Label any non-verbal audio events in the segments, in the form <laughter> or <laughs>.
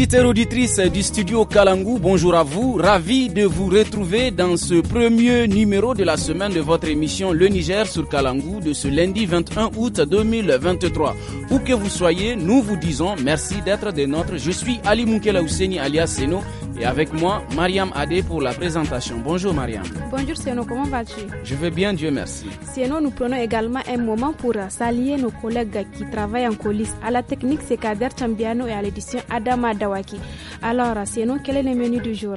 auditeurs auditrices du studio Kalangou, bonjour à vous. Ravi de vous retrouver dans ce premier numéro de la semaine de votre émission Le Niger sur Kalangou de ce lundi 21 août 2023. Où que vous soyez, nous vous disons merci d'être des nôtres. Je suis Ali Moukela Ouseni alias Seno et avec moi Mariam Adé pour la présentation. Bonjour Mariam. Bonjour Sieno, comment vas-tu Je vais bien, Dieu merci. Sieno, nous prenons également un moment pour saluer nos collègues qui travaillent en coulisses. À la technique, Sekader Chambiano et à l'édition Adama Dawaki. Alors Sieno, quel est le menu du jour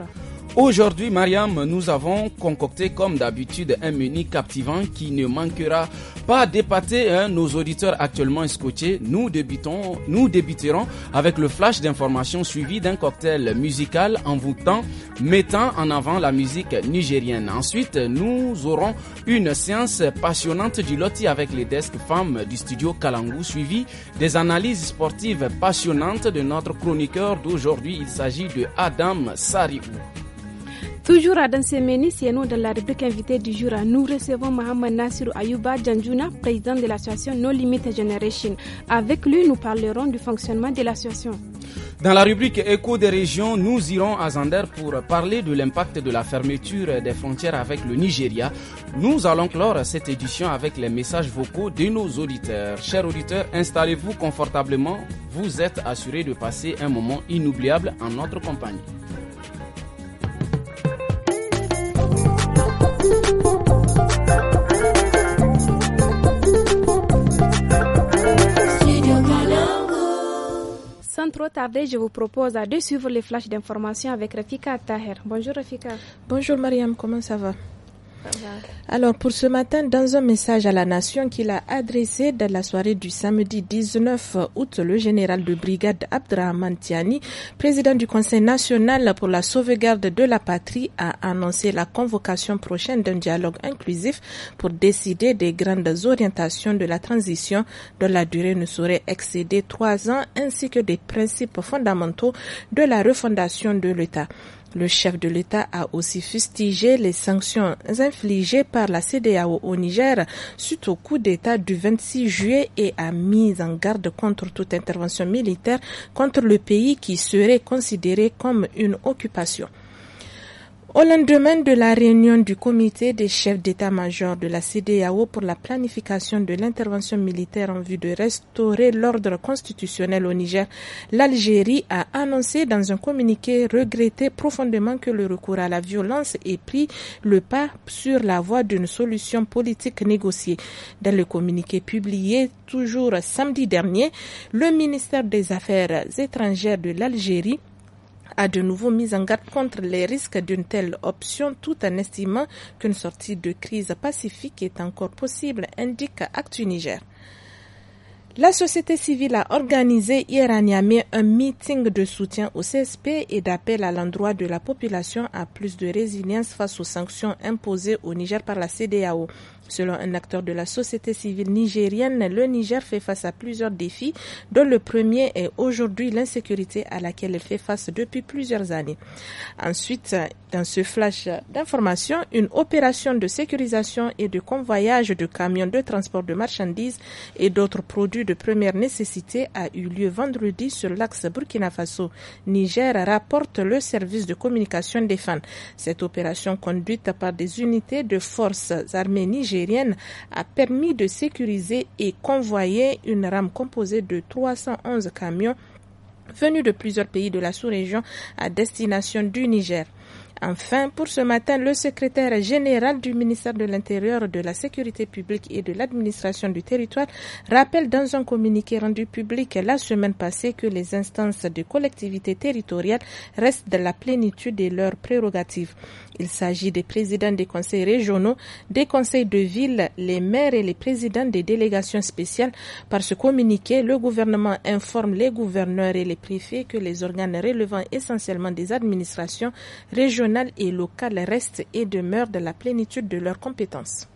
Aujourd'hui, Mariam, nous avons concocté comme d'habitude un menu captivant qui ne manquera pas d'épater hein, nos auditeurs actuellement scotchés. Nous, débutons, nous débuterons avec le flash d'informations suivi d'un cocktail musical en envoûtant mettant en avant la musique nigérienne. Ensuite, nous aurons une séance passionnante du loti avec les desks femmes du studio Kalangu suivi des analyses sportives passionnantes de notre chroniqueur d'aujourd'hui. Il s'agit de Adam Sariou. Toujours à Menis et nous dans la rubrique invitée du jour. Nous recevons Mohamed Nassir Ayouba Djanjouna, président de l'association No Limit Generation. Avec lui, nous parlerons du fonctionnement de l'association. Dans la rubrique Écho des régions, nous irons à Zander pour parler de l'impact de la fermeture des frontières avec le Nigeria. Nous allons clore cette édition avec les messages vocaux de nos auditeurs. Chers auditeurs, installez-vous confortablement. Vous êtes assurés de passer un moment inoubliable en notre compagnie. trop tarder, je vous propose de suivre les flashs d'information avec Rafika Taher. Bonjour Rafika. Bonjour Mariam, comment ça va alors pour ce matin, dans un message à la nation qu'il a adressé dans la soirée du samedi 19 août, le général de brigade Abdrahman Tiani, président du Conseil national pour la sauvegarde de la patrie, a annoncé la convocation prochaine d'un dialogue inclusif pour décider des grandes orientations de la transition dont la durée ne saurait excéder trois ans ainsi que des principes fondamentaux de la refondation de l'État. Le chef de l'État a aussi fustigé les sanctions infligées par la CDAO au Niger suite au coup d'État du 26 juillet et a mis en garde contre toute intervention militaire contre le pays qui serait considéré comme une occupation. Au lendemain de la réunion du comité des chefs d'état-major de la CDAO pour la planification de l'intervention militaire en vue de restaurer l'ordre constitutionnel au Niger, l'Algérie a annoncé dans un communiqué regretter profondément que le recours à la violence ait pris le pas sur la voie d'une solution politique négociée. Dans le communiqué publié toujours samedi dernier, le ministère des Affaires étrangères de l'Algérie a de nouveau mis en garde contre les risques d'une telle option tout en estimant qu'une sortie de crise pacifique est encore possible, indique Actu Niger. La société civile a organisé hier à Niamey un meeting de soutien au CSP et d'appel à l'endroit de la population à plus de résilience face aux sanctions imposées au Niger par la CDAO. Selon un acteur de la société civile nigérienne, le Niger fait face à plusieurs défis, dont le premier est aujourd'hui l'insécurité à laquelle il fait face depuis plusieurs années. Ensuite, dans ce flash d'information, une opération de sécurisation et de convoyage de camions de transport de marchandises et d'autres produits de première nécessité a eu lieu vendredi sur l'axe Burkina Faso-Niger, rapporte le service de communication des fans. Cette opération conduite par des unités de forces armées nigériennes a permis de sécuriser et convoyer une rame composée de 311 camions venus de plusieurs pays de la sous-région à destination du Niger. Enfin, pour ce matin, le secrétaire général du ministère de l'Intérieur, de la Sécurité publique et de l'administration du territoire rappelle dans un communiqué rendu public la semaine passée que les instances de collectivités territoriales restent de la plénitude de leurs prérogatives. Il s'agit des présidents des conseils régionaux, des conseils de ville, les maires et les présidents des délégations spéciales. Par ce communiqué, le gouvernement informe les gouverneurs et les préfets que les organes relevant essentiellement des administrations régionales et locales restent et demeurent dans la plénitude de leurs compétences.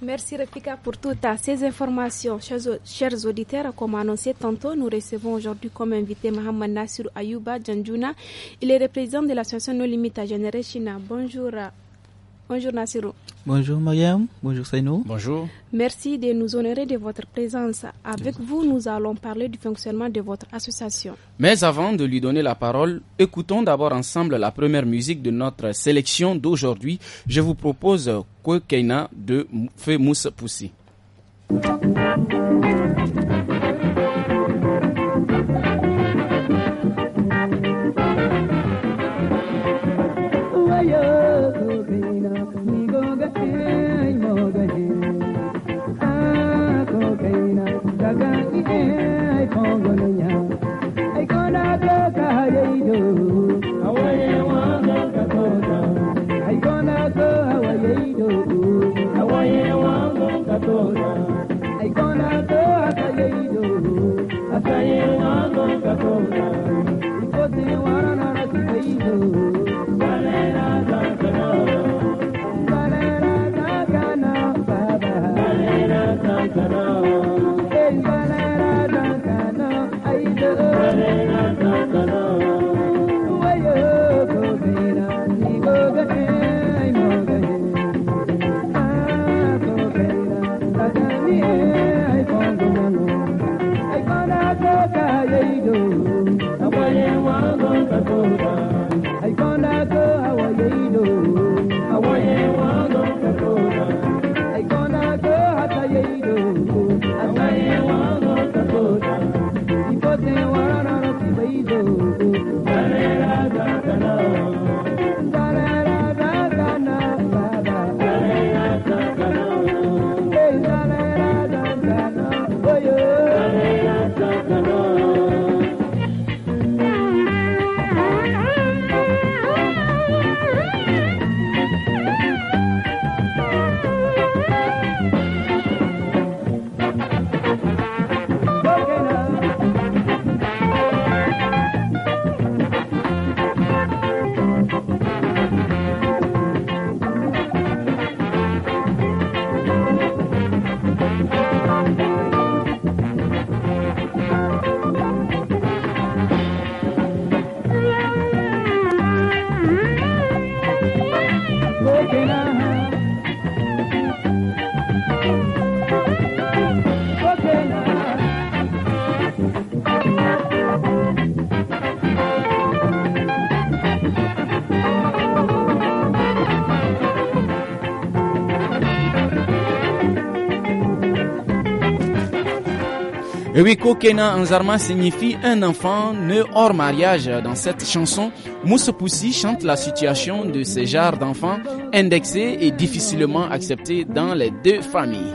Merci Rafika pour toutes ces informations. Chers, auditeurs, comme annoncé tantôt, nous recevons aujourd'hui comme invité Mohamed Nassir Ayouba Djanjouna. Il est représentant de l'association No Limite à Générer China. Bonjour Bonjour Nassiro. Bonjour Mariam, bonjour Saino. Bonjour. Merci de nous honorer de votre présence. Avec vous, nous allons parler du fonctionnement de votre association. Mais avant de lui donner la parole, écoutons d'abord ensemble la première musique de notre sélection d'aujourd'hui. Je vous propose Kwekeina de Fé Mousse Poussi. Kokena Kena zarma signifie un enfant ne hors mariage. Dans cette chanson, Moussa Poussi chante la situation de ces genres d'enfants indexés et difficilement acceptés dans les deux familles.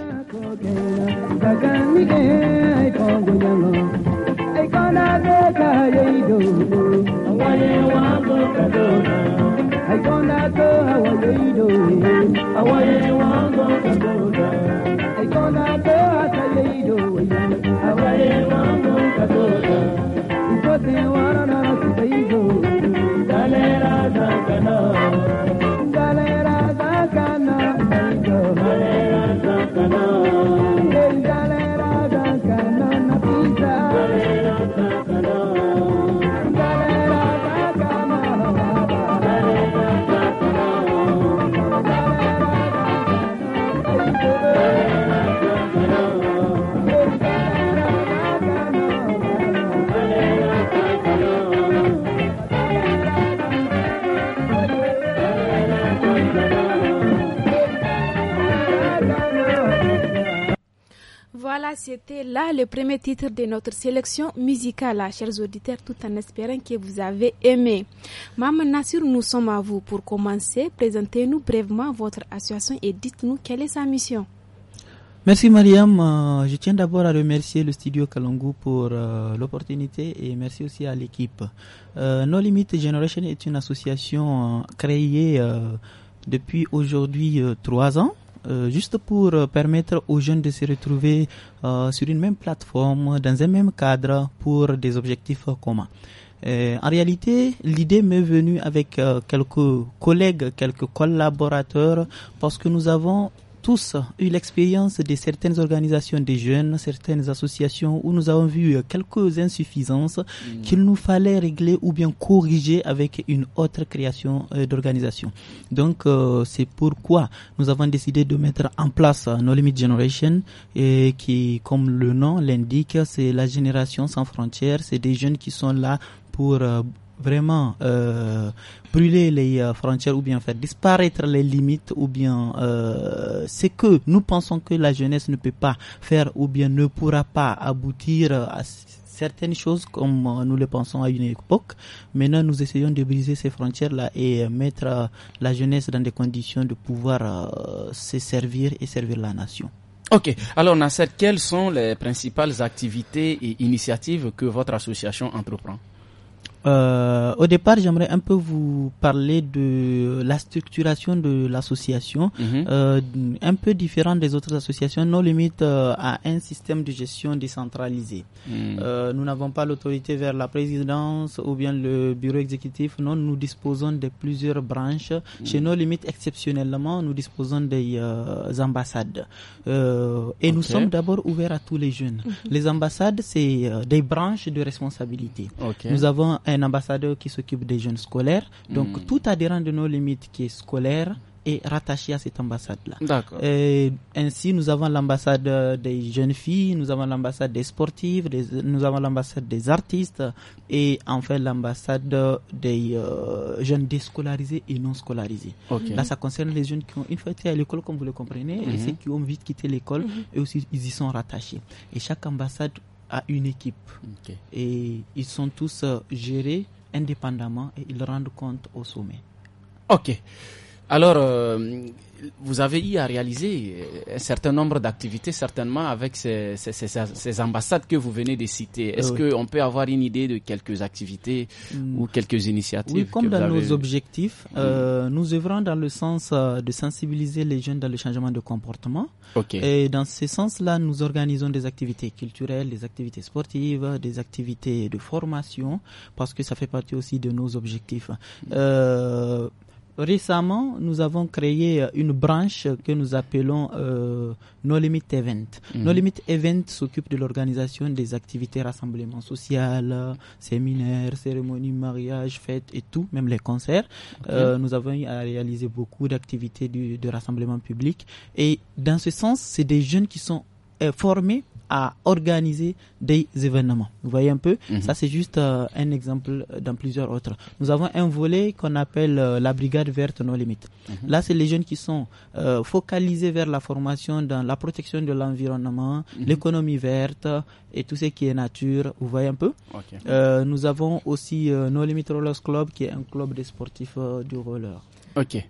Thank you. Voilà, c'était là le premier titre de notre sélection musicale, chers auditeurs, tout en espérant que vous avez aimé. Maman Nassir, nous sommes à vous. Pour commencer, présentez-nous brièvement votre association et dites-nous quelle est sa mission. Merci Mariam. Euh, je tiens d'abord à remercier le studio Kalangu pour euh, l'opportunité et merci aussi à l'équipe. Euh, no Limit Generation est une association créée depuis aujourd'hui trois ans euh, juste pour euh, permettre aux jeunes de se retrouver euh, sur une même plateforme, dans un même cadre, pour des objectifs communs. en réalité, l'idée m'est venue avec quelques collègues, quelques collaborateurs, parce que nous avons tous eu l'expérience de certaines organisations des jeunes, certaines associations où nous avons vu quelques insuffisances mm. qu'il nous fallait régler ou bien corriger avec une autre création euh, d'organisation. Donc euh, c'est pourquoi nous avons décidé de mettre en place No Limit Generation et qui, comme le nom l'indique, c'est la génération sans frontières. C'est des jeunes qui sont là pour euh, vraiment euh, brûler les euh, frontières ou bien faire disparaître les limites ou bien euh, c'est que nous pensons que la jeunesse ne peut pas faire ou bien ne pourra pas aboutir à certaines choses comme euh, nous le pensons à une époque. Maintenant, nous essayons de briser ces frontières-là et mettre la jeunesse dans des conditions de pouvoir se servir et servir la nation. Ok, alors Nasser, quelles sont les principales activités et initiatives que votre association entreprend euh, au départ, j'aimerais un peu vous parler de la structuration de l'association, mhm. euh, un peu différente des autres associations. Nos limites euh, à un système de gestion décentralisé. Mhm. Euh, nous n'avons pas l'autorité vers la présidence ou bien le bureau exécutif. Non, nous disposons de plusieurs branches. Mhm. Chez nos limites, exceptionnellement, nous disposons des euh, ambassades. Euh, et nous sommes d'abord ouverts à tous les jeunes. <laughs> Les ambassades, c'est des branches de responsabilité. Nous avons un ambassadeur qui s'occupe des jeunes scolaires. Donc hmm. tout adhérent de nos limites qui est scolaire est rattaché à cette ambassade-là. Ainsi, nous avons l'ambassade des jeunes filles, nous avons l'ambassade des sportives, nous avons l'ambassade des artistes et enfin l'ambassade des euh, jeunes déscolarisés et non scolarisés. Là, ça concerne les jeunes qui ont une fois été à l'école, comme vous le comprenez, et mhm. ceux qui ont vite quitté l'école, mhm. et aussi ils y sont rattachés. Et chaque ambassade une équipe. Et ils sont tous euh, gérés indépendamment et ils rendent compte au sommet. Ok. Alors, euh, vous avez eu à réaliser euh, un certain nombre d'activités, certainement, avec ces, ces, ambassades que vous venez de citer. Est-ce qu'on peut avoir une idée de quelques activités hmm. ou quelques initiatives oui, Comme dans nos objectifs, hmm. euh, nous œuvrons dans le sens euh, de sensibiliser les jeunes dans le changement de comportement. Et dans ce sens-là, nous organisons des activités culturelles, des activités sportives, des activités de formation, parce que ça fait partie aussi de nos objectifs. Hmm. Euh, Récemment, nous avons créé euh, une branche que nous appelons euh, No Limit Event. Mhm. No Limit Event s'occupe de l'organisation des activités rassemblements social, séminaires, cérémonies, mariages, fêtes et tout, même les concerts. Euh, nous avons réalisé beaucoup d'activités de rassemblement public. Et dans ce sens, c'est des jeunes qui sont est euh, formé à organiser des événements. Vous voyez un peu, mhm. ça c'est juste euh, un exemple euh, dans plusieurs autres. Nous avons un volet qu'on appelle la brigade verte no limites. Mhm. Là, c'est les jeunes qui sont focalisés vers la formation dans la protection de l'environnement, mhm. l'économie verte et tout ce qui est nature. Vous voyez un peu. nous avons aussi no limit rollers club qui est un club des sportifs du roller.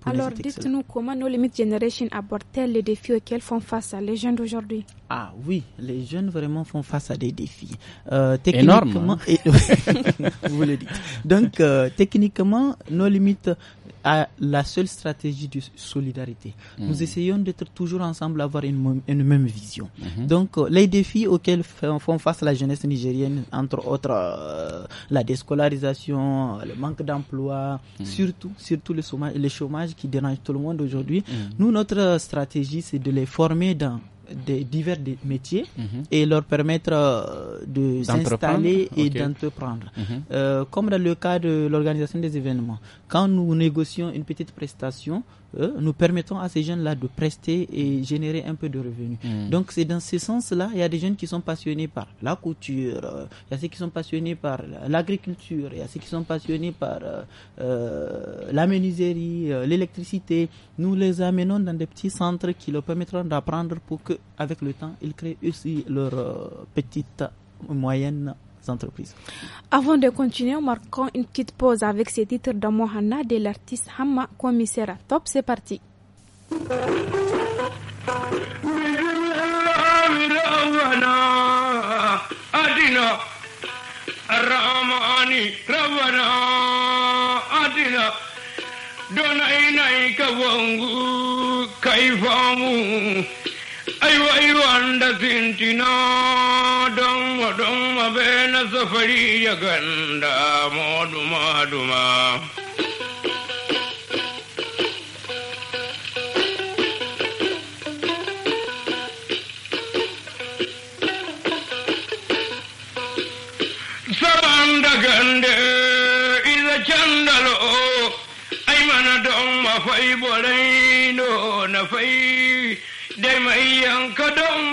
Alors, dites-nous comment nos limites Generation abordent-elles les défis auxquels font face les jeunes d'aujourd'hui Ah oui, les jeunes vraiment font face à des défis. Euh, hein. <laughs> vous le dites. Donc, euh, techniquement, nos limites à la seule stratégie de solidarité. Nous hmm. essayons d'être toujours ensemble, avoir une, une même vision. Hmm. Donc, euh, les défis auxquels font face la jeunesse nigérienne, entre autres euh, la déscolarisation, le manque d'emploi, hmm. surtout, surtout le, chômage, chômage qui dérange tout le monde aujourd'hui. Mm-hmm. Nous, notre stratégie, c'est de les former dans des divers métiers mm-hmm. et leur permettre euh, de s'installer et d'entreprendre. Mm-hmm. Euh, comme dans le cas de l'organisation des événements, quand nous négocions une petite prestation, euh, nous permettons à ces jeunes-là de prester et générer un peu de revenus. Hmm. Donc c'est dans ce sens-là, il y a des jeunes qui sont passionnés par la couture, euh, il y a ceux qui sont passionnés par l'agriculture, il y a ceux qui sont passionnés par euh, la menuiserie, l'électricité. Nous les amenons dans des petits centres qui leur permettront d'apprendre pour que, avec le temps, ils créent aussi leur petite moyenne entreprises. Avant de continuer, marquons une petite pause avec ces titres de de l'artiste Hamma Commissaire. Top, c'est parti. aiwa aiwa an da sintina don wadon mabe na safari ya ganda maduma duma duma saban da gande iza can da lo'o ai mana don mafai no na fai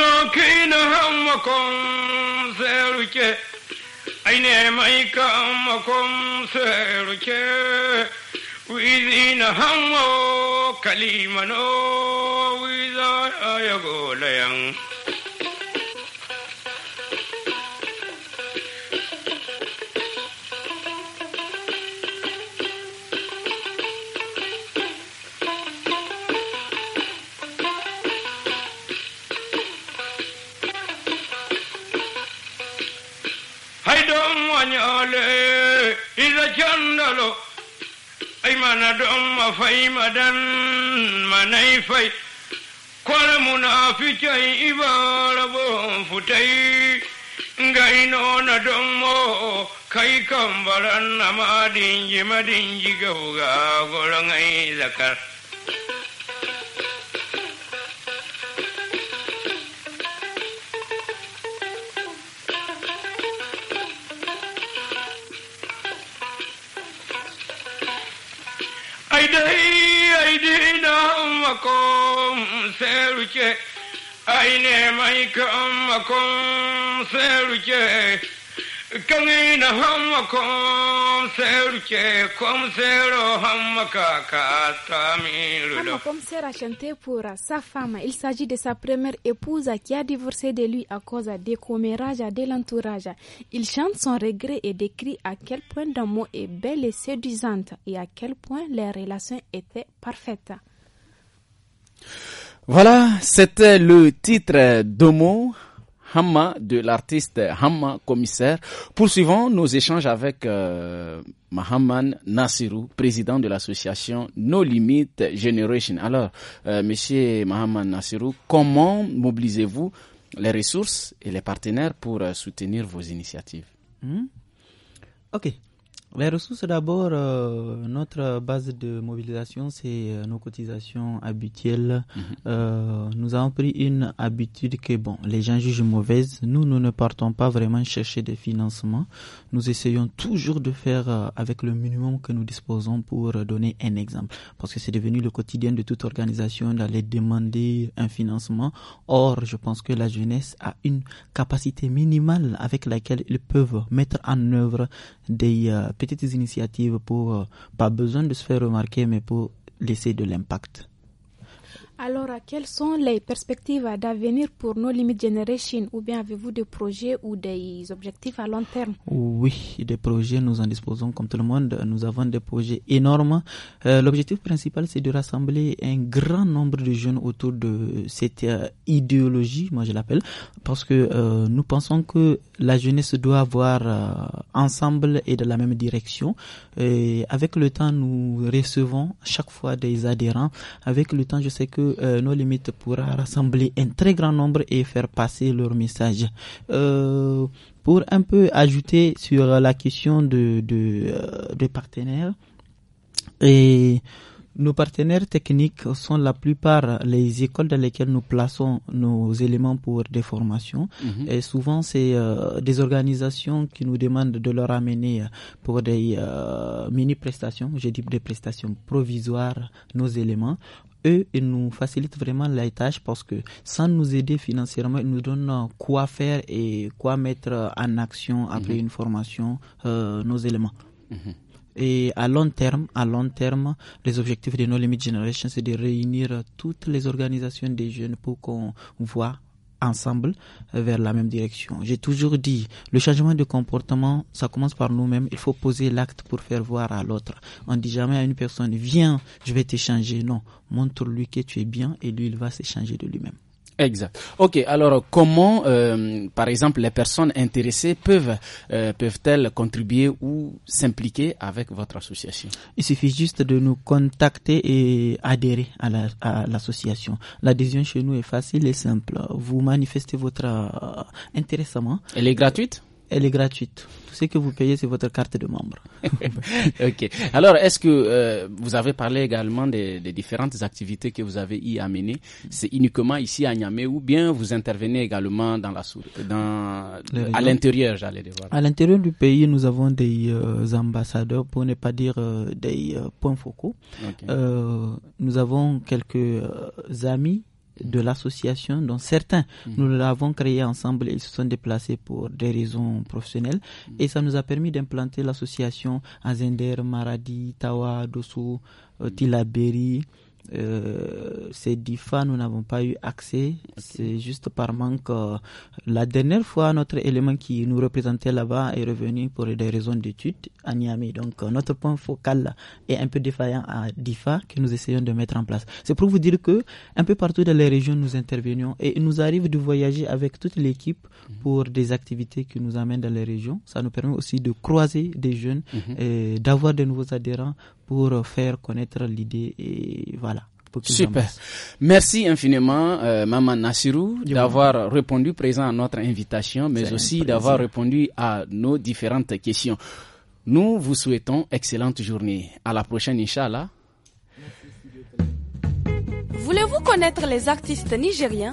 no kina hamma kom seluke aine mai kam kom seluke uizina hamma kalimano uiza ayagolayang uiza ayagolayang ole ila jandalo ay mana don mafai madan manai fai kwale munafikai ibarabo futai gaino na don mo kai kan baran na ma dinji madinji gauga goron ai zakar dai aidi dan makom to ruke I ne mai kan makom sai ruke Kamina hamma a chanté pour sa femme. Il s'agit de sa première épouse qui a divorcé de lui à cause des commérages de l'entourage. Il chante son regret et décrit à quel point d'amour est belle et séduisante et à quel point les relations étaient parfaites. Voilà, c'était le titre de Hamma de l'artiste Hamma Commissaire. Poursuivons nos échanges avec euh, Mahaman Nasiru, président de l'association No Limit Generation. Alors, euh, monsieur Mahaman Nassirou, comment mobilisez-vous les ressources et les partenaires pour euh, soutenir vos initiatives hmm? Ok. Les ressources, d'abord, euh, notre base de mobilisation, c'est euh, nos cotisations habituelles. Mhm. Euh, nous avons pris une habitude que, bon, les gens jugent mauvaise. Nous, nous ne partons pas vraiment chercher des financements. Nous essayons toujours de faire euh, avec le minimum que nous disposons pour donner un exemple. Parce que c'est devenu le quotidien de toute organisation d'aller demander un financement. Or, je pense que la jeunesse a une capacité minimale avec laquelle ils peuvent mettre en œuvre des petites initiatives pour, euh, pas besoin de se faire remarquer, mais pour laisser de l'impact. Alors, quelles sont les perspectives d'avenir pour nos Limit Generation Ou bien avez-vous des projets ou des objectifs à long terme Oui, des projets, nous en disposons comme tout le monde. Nous avons des projets énormes. Euh, l'objectif principal, c'est de rassembler un grand nombre de jeunes autour de cette euh, idéologie, moi je l'appelle, parce que euh, nous pensons que la jeunesse doit avoir ensemble et dans la même direction. Et avec le temps, nous recevons chaque fois des adhérents. Avec le temps, je sais que euh, nos Limites pourra rassembler un très grand nombre et faire passer leur message. Euh, pour un peu ajouter sur la question de, euh, partenaires, et nos partenaires techniques sont la plupart les écoles dans lesquelles nous plaçons nos éléments pour des formations. Mhm. Et souvent, c'est des organisations qui nous demandent de leur amener pour des mini-prestations, je dis des prestations provisoires, nos éléments eux, ils nous facilitent vraiment la tâche parce que sans nous aider financièrement, ils nous donnent quoi faire et quoi mettre en action après mhm. une formation, euh, nos éléments. Mhm. Et à long terme, à long terme, les objectifs de No Limit Generation, c'est de réunir toutes les organisations des jeunes pour qu'on voit ensemble euh, vers la même direction. J'ai toujours dit, le changement de comportement, ça commence par nous-mêmes. Il faut poser l'acte pour faire voir à l'autre. On ne dit jamais à une personne, viens, je vais te changer. Non, montre-lui que tu es bien et lui, il va s'échanger de lui-même. Exact. Ok, alors comment, euh, par exemple, les personnes intéressées peuvent euh, peuvent-elles contribuer ou s'impliquer avec votre association Il suffit juste de nous contacter et adhérer à l'association. L'adhésion chez nous est facile et simple. Vous manifestez votre euh, intéressement. Elle est gratuite elle est gratuite. Tout ce que vous payez, c'est votre carte de membre. <laughs> ok. Alors, est-ce que euh, vous avez parlé également des, différentes activités que vous avez y amenées C'est uniquement ici à Niamey ou bien vous intervenez également dans la dans à l'intérieur, j'allais dire. À l'intérieur du pays, nous avons des euh, ambassadeurs, pour ne pas dire euh, des points focaux. nous avons quelques amis de l'association, dont certains, mm. nous l'avons créé ensemble, ils se sont déplacés pour des raisons professionnelles mm. et ça nous a permis d'implanter l'association Azender, Maradi, Tawa, Dosso, euh, mm. Tilaberi, c'est euh, ces nous n'avons pas eu accès. C'est juste par manque. Euh, la dernière fois, notre élément qui nous représentait là-bas est revenu pour des raisons d'études à Niamey. Donc, euh, notre point focal est un peu défaillant à DIFA que nous essayons de mettre en place. C'est pour vous dire que un peu partout dans les régions, nous intervenions et il nous arrive de voyager avec toute l'équipe mhm. pour des activités qui nous amènent dans les régions. Ça nous permet aussi de croiser des jeunes mhm. et d'avoir de nouveaux adhérents pour faire connaître l'idée et voilà. Super. Merci infiniment, euh, Maman Nassirou, d'avoir répondu présent à notre invitation, mais aussi d'avoir répondu à nos différentes questions. Nous vous souhaitons excellente journée. À la prochaine, Inch'Allah. Voulez-vous connaître les artistes nigériens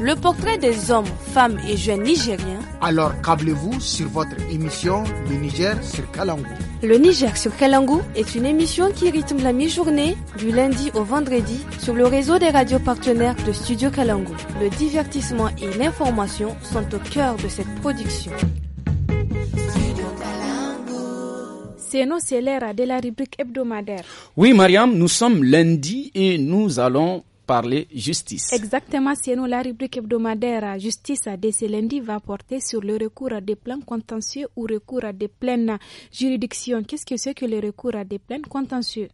le portrait des hommes, femmes et jeunes nigériens. Alors câblez-vous sur votre émission Le Niger sur Kalangou. Le Niger sur Kalangou est une émission qui rythme la mi-journée du lundi au vendredi sur le réseau des radios partenaires de Studio Kalangou. Le divertissement et l'information sont au cœur de cette production. C'est nos de la rubrique hebdomadaire. Oui, Mariam, nous sommes lundi et nous allons parler justice. Exactement, sinon la rubrique hebdomadaire Justice de ce lundi va porter sur le recours à des plans contentieux ou recours à des plaines juridictions. Qu'est-ce que c'est que le recours à des plaines contentieux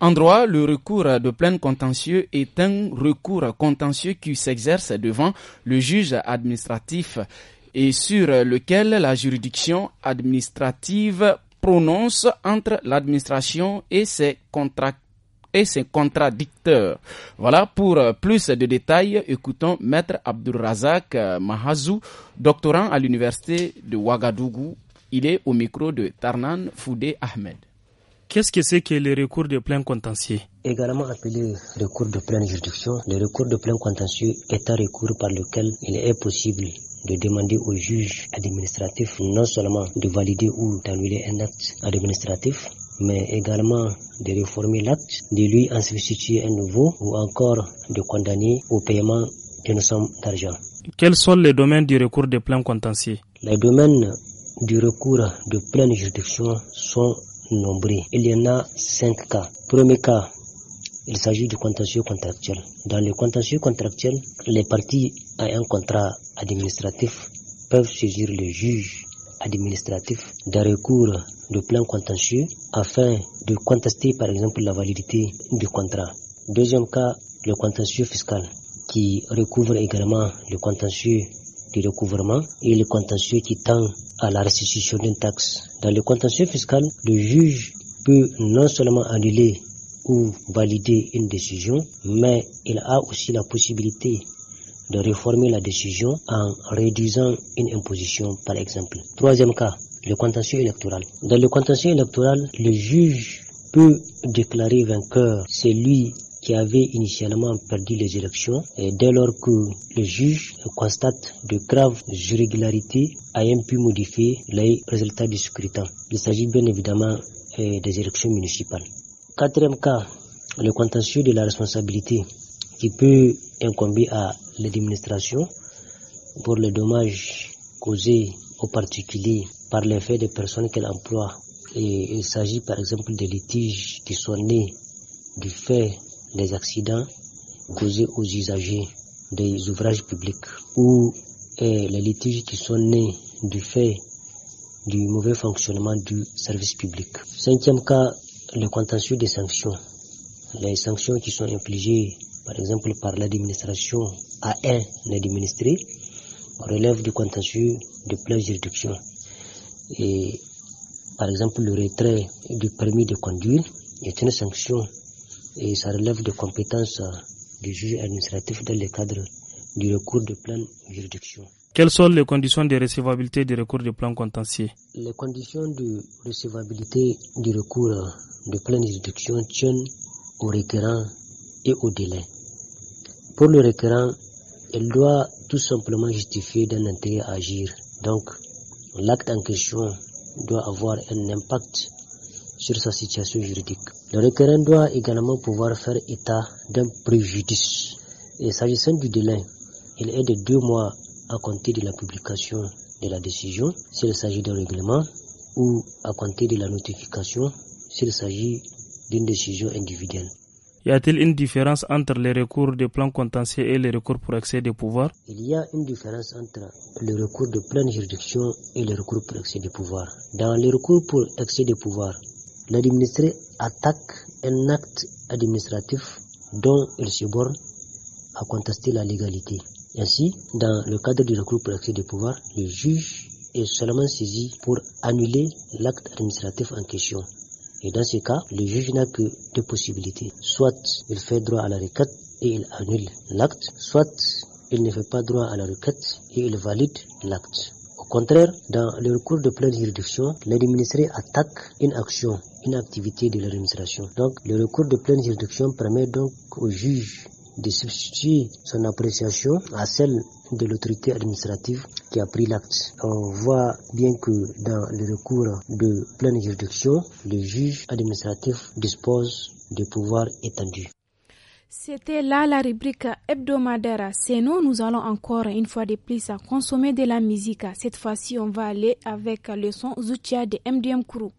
En droit, le recours à des plaines contentieux est un recours contentieux qui s'exerce devant le juge administratif et sur lequel la juridiction administrative prononce entre l'administration et ses contracteurs et ses contradicteurs. Voilà, pour euh, plus de détails, écoutons Maître Abdulrazak euh, Mahazou, doctorant à l'université de Ouagadougou. Il est au micro de Tarnan Foudé Ahmed. Qu'est-ce que c'est que les recours de plein contentieux Également appelé recours de pleine juridiction, le recours de plein contentieux est un recours par lequel il est possible de demander au juge administratif non seulement de valider ou d'annuler un acte administratif, mais également de réformer l'acte, de lui en substituer un nouveau ou encore de condamner au paiement d'une somme d'argent. Quels sont les domaines du recours de plein contentieux Les domaines du recours de pleine juridiction sont nombreux. Il y en a cinq cas. Premier cas, il s'agit du contentieux contractuel. Dans le contentieux contractuel, les parties à un contrat administratif peuvent saisir le juge administratif d'un recours de plein contentieux afin de contester par exemple la validité du contrat. Deuxième cas, le contentieux fiscal qui recouvre également le contentieux du recouvrement et le contentieux qui tend à la restitution d'une taxe. Dans le contentieux fiscal, le juge peut non seulement annuler ou valider une décision, mais il a aussi la possibilité de réformer la décision en réduisant une imposition, par exemple. Troisième cas, le contentieux électoral. Dans le contentieux électoral, le juge peut déclarer vainqueur celui qui avait initialement perdu les élections et dès lors que le juge constate de graves irrégularités ayant pu modifier les résultats du scrutin. Il s'agit bien évidemment eh, des élections municipales. Quatrième cas, le contentieux de la responsabilité qui peut incomber à l'administration pour le dommages causés aux particuliers par les faits des personnes qu'elle emploie. Et il s'agit par exemple des litiges qui sont nés du fait des accidents causés aux usagers des ouvrages publics ou eh, les litiges qui sont nés du fait du mauvais fonctionnement du service public. Cinquième cas, le contentieux des sanctions. Les sanctions qui sont infligées, par exemple, par l'administration à un administré, relèvent du contentieux de pleine juridiction. Et par exemple, le retrait du permis de conduire est une sanction et ça relève de compétences du juge administratif dans le cadre du recours de plan juridiction. Quelles sont les conditions de recevabilité du recours de plan contentieux Les conditions de recevabilité du recours de plan juridiction tiennent au requérant et au délai. Pour le requérant, il doit tout simplement justifier d'un intérêt à agir. Donc, l'acte en question doit avoir un impact sur sa situation juridique. Le requérant doit également pouvoir faire état d'un préjudice. Et s'agissant du délai, il est de deux mois à compter de la publication de la décision s'il s'agit d'un règlement ou à compter de la notification s'il s'agit d'une décision individuelle. Y a-t-il une différence entre les recours de plan contentieux et les recours pour accès de pouvoir Il y a une différence entre le recours de pleine juridiction et le recours pour accès de pouvoir. Dans le recours pour accès de pouvoir, l'administré attaque un acte administratif dont il se borne à contester la légalité. Ainsi, dans le cadre du recours pour accès de pouvoir, le juge est seulement saisi pour annuler l'acte administratif en question. Et dans ces cas, le juge n'a que deux possibilités. Soit il fait droit à la requête et il annule l'acte, soit il ne fait pas droit à la requête et il valide l'acte. Au contraire, dans le recours de pleine juridiction, l'administré attaque une action, une activité de l'administration. Donc, le recours de pleine juridiction permet donc au juge de substituer son appréciation à celle de l'autorité administrative qui a pris l'acte. On voit bien que dans le recours de pleine juridiction, le juge administratif dispose de pouvoirs étendus. C'était là la rubrique hebdomadaire. C'est nous, allons encore une fois de plus consommer de la musique. Cette fois-ci, on va aller avec le son Zutia de MDM Kourou.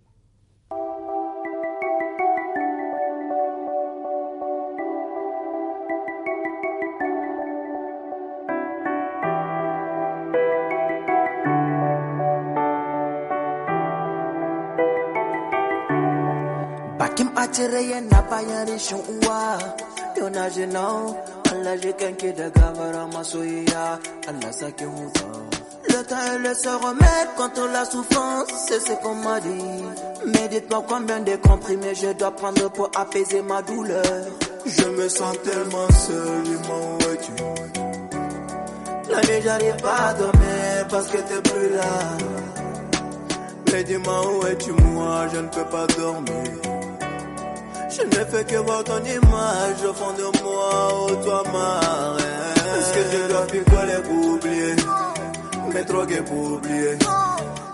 Le temps est le se remettre contre la souffrance, c'est ce qu'on m'a dit. Mais dites-moi combien de comprimés je dois prendre pour apaiser ma douleur. Je me sens tellement seul, où es-tu La nuit j'arrive pas à dormir parce que t'es plus là. Mais dis-moi où es-tu, moi je ne peux pas dormir. Je ne fais que voir ton image au fond de moi, oh toi ma reine. Est-ce que je dois quoi pour oublier, Mes droguer pour oublier?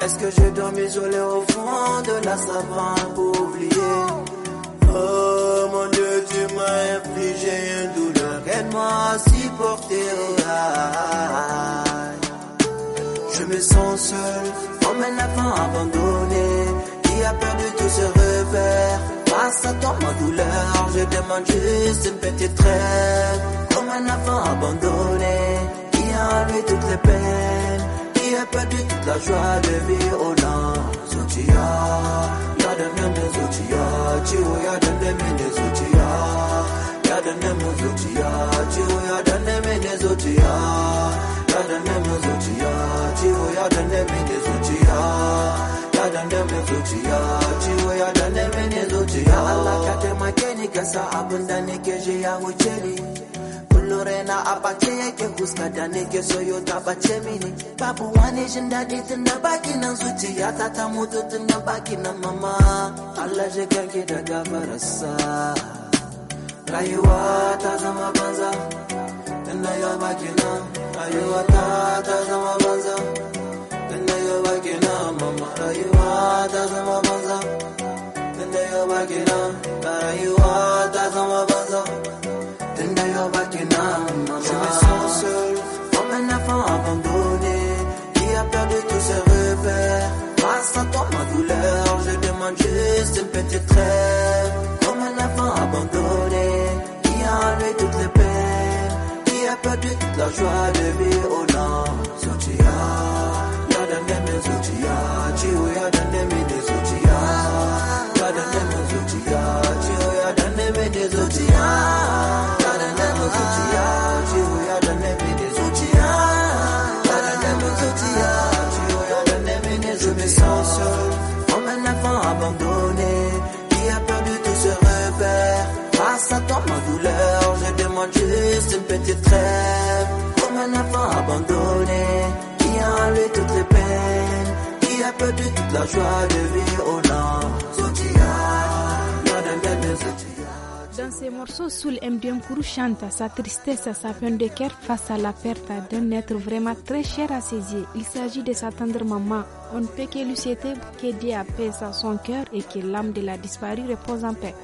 Est-ce que je dois m'isoler au fond de la savane pour oublier? Oh mon Dieu, tu m'as infligé une douleur qu'elle m'a supporter. Je me sens seul, comme un enfant abandonné qui a perdu tout ce grâce à toi ma douleur je demande juste une petite trêve comme un enfant abandonné qui a lui toutes les peines qui a perdu toute la joie de vie au nom Zotia y a de même des outils tu y a de même des outils y a de même outils tu y a de même des outils y a de même outils tu y a de même des outils dan dabe Allah ka taimake ni ka ni kullum raina a bace yake fuska da nake so yau ta bace mini baki nan zuciya ta ta mutu baki nan mama Allah shi karki da gafararsa rayuwa ta zama banza tun da yau Je me sens seul, comme un enfant abandonné qui a perdu tous ses revers. Grâce à toi, ma douleur, je demande juste une petite trêve. Comme un enfant abandonné qui a enlevé toutes les peines, qui a perdu toute la joie de vivre au nord. Sortia, la même petite comme un enfant abandonné, qui a toutes les peines, qui a perdu toute la joie de vivre au Dans ces morceaux, Soul M Kourou chante sa tristesse, sa peine de cœur face à la perte d'un être vraiment très cher à ses yeux. Il s'agit de sa tendre maman. On ne peut que lui souhaiter que Dieu apaise son cœur et que l'âme de la disparue repose en paix.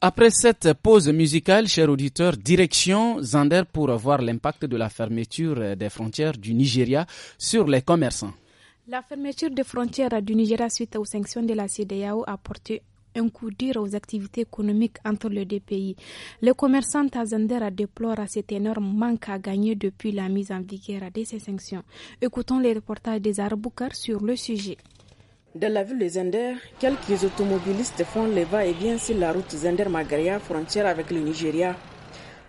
Après cette pause musicale, chers auditeurs, direction Zander pour voir l'impact de la fermeture des frontières du Nigeria sur les commerçants. La fermeture des frontières du Nigeria suite aux sanctions de la CDAO a porté un coup dur aux activités économiques entre les deux pays. Les commerçants a déplorent cet énorme manque à gagner depuis la mise en vigueur de ces sanctions. Écoutons les reportages des Arboukar sur le sujet. De la ville de Zender, quelques automobilistes font le va-et-vient sur la route Zender-Magaria, frontière avec le Nigeria.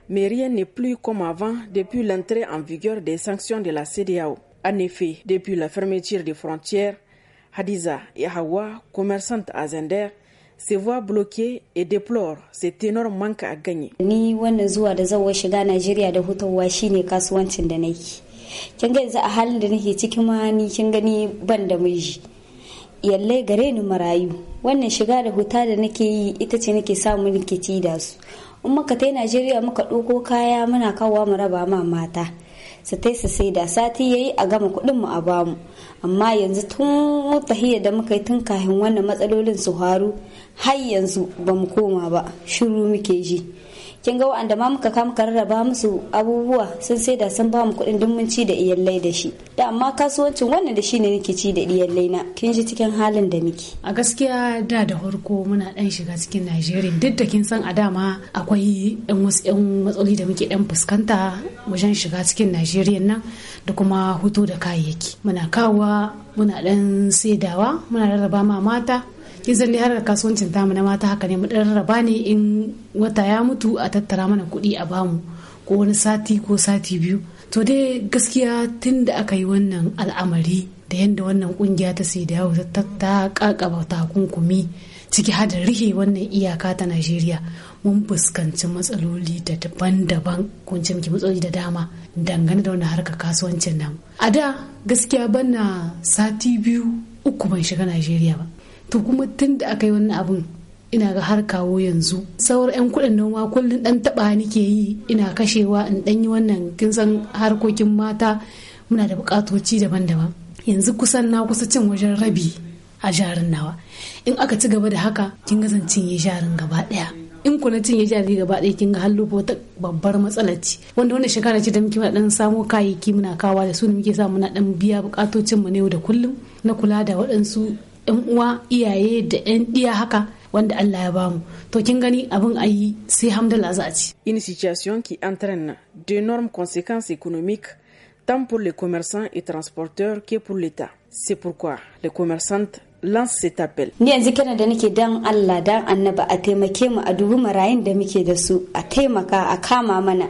Mais rien n'est plus comme avant depuis l'entrée en vigueur des sanctions de la CDAO. En effet, depuis la fermeture des frontières, Hadiza et Hawa, commerçantes à Zender, se voient bloquées et déplorent cet énorme manque à gagner. wannan zuwa da zawo shiga Najeriya da hutawa shine kasuwancin da nake. Kin ga yanzu a halin da nake cikin ma ni kin gani ban da miji. Yalle gare ni marayu. Wannan shiga da huta da nake yi ita ce nake samu nake ci da su. In muka tai Najeriya muka ɗauko kaya muna kawo mu raba ma mata. su ta su sai da sati yi a gama kuɗin mu a bamu amma yanzu tun tahiyya da muka yi tun kafin wannan matsalolin su haru har yanzu ba mu koma ba shiru muke ji kin ga wa'anda ma muka kama ka rarraba musu abubuwa sun sai da sun ba mu kuɗin duk mun ci da iyallai da shi da amma kasuwancin wannan da shi ne nake ci da iyallai na kin ji cikin halin da muke a gaskiya da da farko muna dan shiga cikin Najeriya duk da kin san a dama akwai ɗan wasu ɗan matsaloli da muke ɗan fuskanta wajen shiga cikin Najeriya nan da kuma hutu da kayayyaki muna kawa muna ɗan saidawa muna rarraba ma mata kin san dai harkar kasuwancin tamu na mata haka ne mu dan raba ne in wata ya mutu a tattara mana kuɗi a bamu ko wani sati ko sati biyu to dai gaskiya tun da aka yi wannan al'amari da yadda wannan kungiya ta sai da yawo ta kakaba takunkumi ciki har da rihe wannan iyaka ta Najeriya mun fuskanci matsaloli da daban-daban kun ce matsaloli da dama dangane da wannan harkar kasuwancin nan. A da gaskiya bana sati biyu uku ban shiga Najeriya ba. to kuma tun da aka yi wannan abun ina ga har kawo yanzu sauran 'yan kuɗin noma kullum ɗan taɓa nike yi ina kashewa in ɗan yi wannan kin san harkokin mata muna da buƙatoci daban-daban yanzu kusan na kusa cin wajen rabi a jarin nawa in aka ci gaba da haka kin ga zan cinye jarin gaba ɗaya in ku na cinye jarin gaba ɗaya kin ga hallo wata babbar matsala ce wanda wannan shekara ce da muke dan samo kayayyaki muna kawa da su ne muke sa muna ɗan biya bukatocin mu yau da kullum na kula da waɗansu 'yan uwa iyaye da 'yan ɗiya haka wanda Allah ya bamu to kin gani abin a yi sai hamdala za a ci. Une situation qui entraîne d'énormes conséquences économiques tant pour les commerçants et transporteurs que pour l'État. C'est pourquoi les commerçantes lancent cet appel. Ni yanzu kenan da nake dan Allah dan annaba a taimake mu a dubi marayun da muke da su a taimaka a kama mana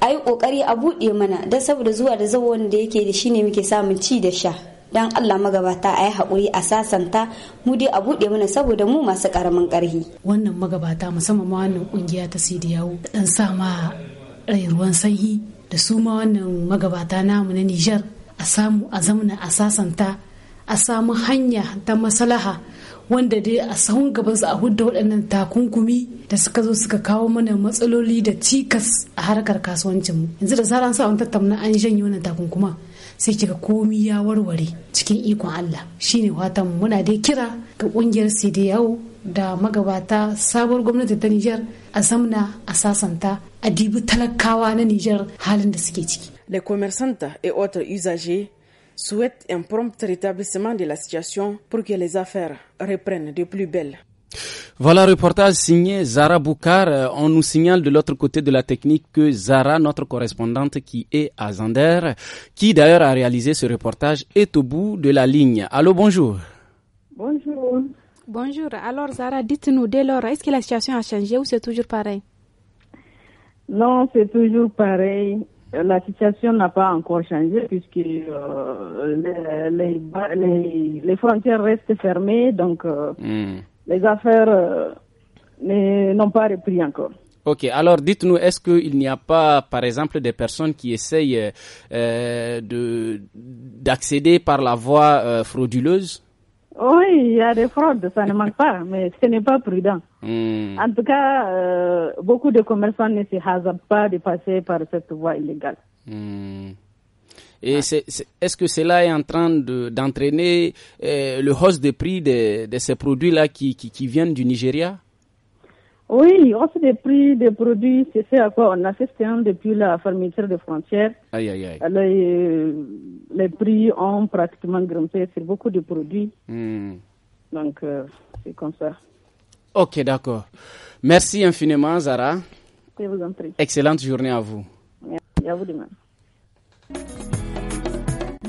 a yi kokari a buɗe mana don saboda zuwa da zawon da yake da shi ne muke samun ci da sha. dan Allah magabata a yi haƙuri a sasanta mu dai a buɗe mana saboda mu masu ƙaramin ƙarfi. Wannan magabata musamman ma wannan ƙungiya ta yawo ɗan sa ma rai ruwan sanyi da su ma wannan magabata namu na Nijar a samu a zamana a sasanta a samu hanya ta maslaha wanda dai a sahun gaban su a hudda waɗannan takunkumi da suka zo suka kawo mana matsaloli da cikas a harkar kasuwancin mu yanzu da zaran sa an tattauna an janyo wannan takunkuma sai kiga komi ya warware cikin ikon Allah shine watan muna da kira ga kungiyar CDAO da magabata sabuwar gwamnati ta Nijar a zamna a sasanta a dibi talakawa na Nijar halin da suke ciki. le commerçants et autres usagers souhaitent un prompt rétablissement de la situation pour que les affaires reprennent de plus belle. Voilà, reportage signé Zara Boukar. Euh, on nous signale de l'autre côté de la technique que Zara, notre correspondante qui est à Zander, qui d'ailleurs a réalisé ce reportage, est au bout de la ligne. Allô, bonjour. Bonjour. Bonjour. Alors, Zara, dites-nous dès lors, est-ce que la situation a changé ou c'est toujours pareil Non, c'est toujours pareil. La situation n'a pas encore changé puisque euh, les, frontières restent fermées. Donc, euh, hmm les affaires euh, n'ont pas repris encore. Ok, alors dites-nous, est-ce qu'il n'y a pas, par exemple, des personnes qui essayent euh, d'accéder par la voie euh, frauduleuse Oui, il y a des fraudes, ça ne manque pas, mais ce n'est pas prudent. Hmm. En tout cas, euh, beaucoup de commerçants ne se hasardent pas de passer par cette voie illégale. Hmm. Et est-ce que cela est en train d'entraîner euh, le hausse des prix de, ces produits-là qui, qui, viennent du Nigeria Oui, hausse des prix des produits, c'est ce à quoi on assiste hein, depuis la fermeture des frontières. Aïe, aïe, aïe. Les, euh, prix ont pratiquement grimpé sur beaucoup de produits. Hmm. Donc, euh, c'est comme ça. Ok, d'accord. Merci infiniment, Zara. Je vous en prie. Excellente journée à vous. Merci à vous demain.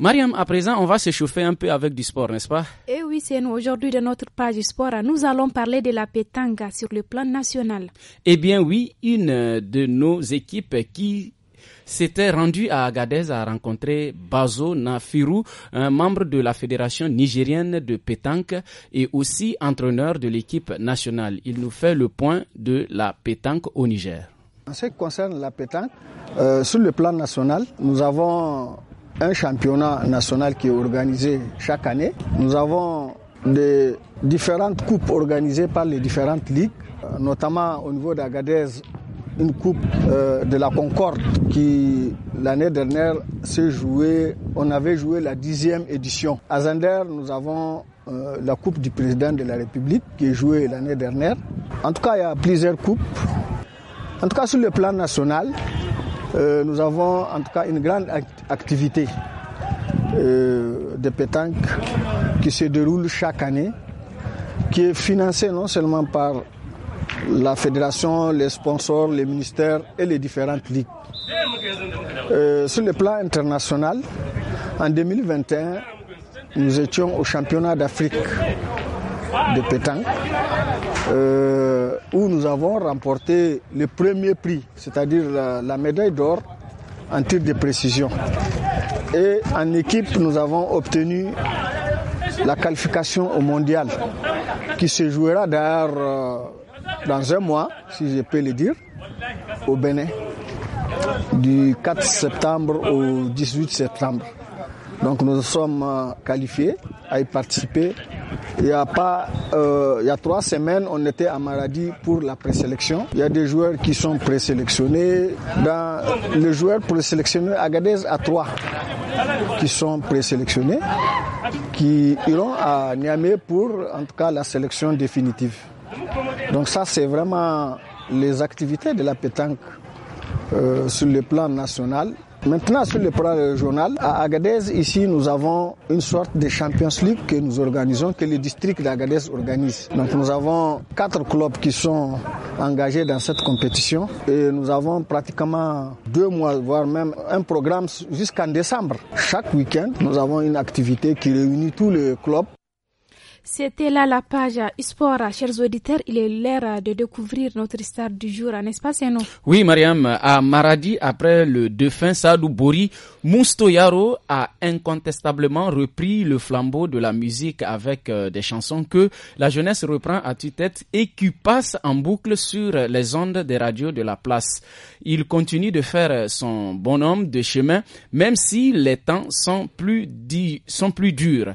Mariam, à présent, on va se chauffer un peu avec du sport, n'est-ce pas Eh oui, c'est nous. Aujourd'hui, de notre page du sport, hein, nous allons parler de la pétanque sur le plan national. Eh bien oui, une de nos équipes qui s'était rendue à Agadez a rencontré Bazo Nafiru, un membre de la Fédération nigérienne de pétanque et aussi entraîneur de l'équipe nationale. Il nous fait le point de la pétanque au Niger. En ce qui concerne la pétanque, euh, sur le plan national, nous avons un championnat national qui est organisé chaque année. Nous avons des différentes coupes organisées par les différentes ligues, euh, notamment au niveau d'Agadez, une coupe euh, de la Concorde qui l'année dernière s'est jouée, on avait joué la dixième édition. À Zander, nous avons euh, la coupe du président de la République qui est jouée l'année dernière. En tout cas, il y a plusieurs coupes. En tout cas, sur le plan national, euh, nous avons en tout cas une grande activité euh, de pétanque qui se déroule chaque année, qui est financée non seulement par la fédération, les sponsors, les ministères et les différentes ligues. Euh, sur le plan international, en 2021, nous étions au championnat d'Afrique de pétanque, euh, où nous avons remporté le premier prix, c'est-à-dire la, médaille d'or en tir de précision. Et en équipe, nous avons obtenu la qualification au mondial, qui se jouera d'ailleurs euh, dans un mois, si je peux le dire, au Bénin, du 4 septembre au 18 septembre. Donc nous sommes euh, qualifiés à y participer. Il y a pas, euh, il y trois semaines, on était à Maradi pour la présélection. Il y a des joueurs qui sont présélectionnés. Dans les joueurs présélectionnés, Agadez a trois qui sont présélectionnés, qui iront à Niamey pour, en tout cas, la sélection définitive. Donc ça, c'est vraiment les activités de la pétanque euh, sur le plan national Maintenant, sur le plan euh, régional, à Agadez, ici, nous avons une sorte de Champions League que nous organisons, que le district d'Agadez organise. Donc, nous avons quatre clubs qui sont engagés dans cette compétition et nous avons pratiquement deux mois, voire même un programme jusqu'en décembre. Chaque week-end, nous avons une activité qui réunit tous les clubs c'était là la page Sport. Chers auditeurs, il est l'heure de découvrir notre star du jour, n'est-ce pas, Seno Oui, Mariam. À Maradi, après le défunt Sadou Bori, Moustoyaro a incontestablement repris le flambeau de la musique avec euh, des chansons que la jeunesse reprend à tue-tête et qui passent en boucle sur les ondes des radios de la place. Il continue de faire son bonhomme de chemin, même si les temps sont plus, sont plus durs.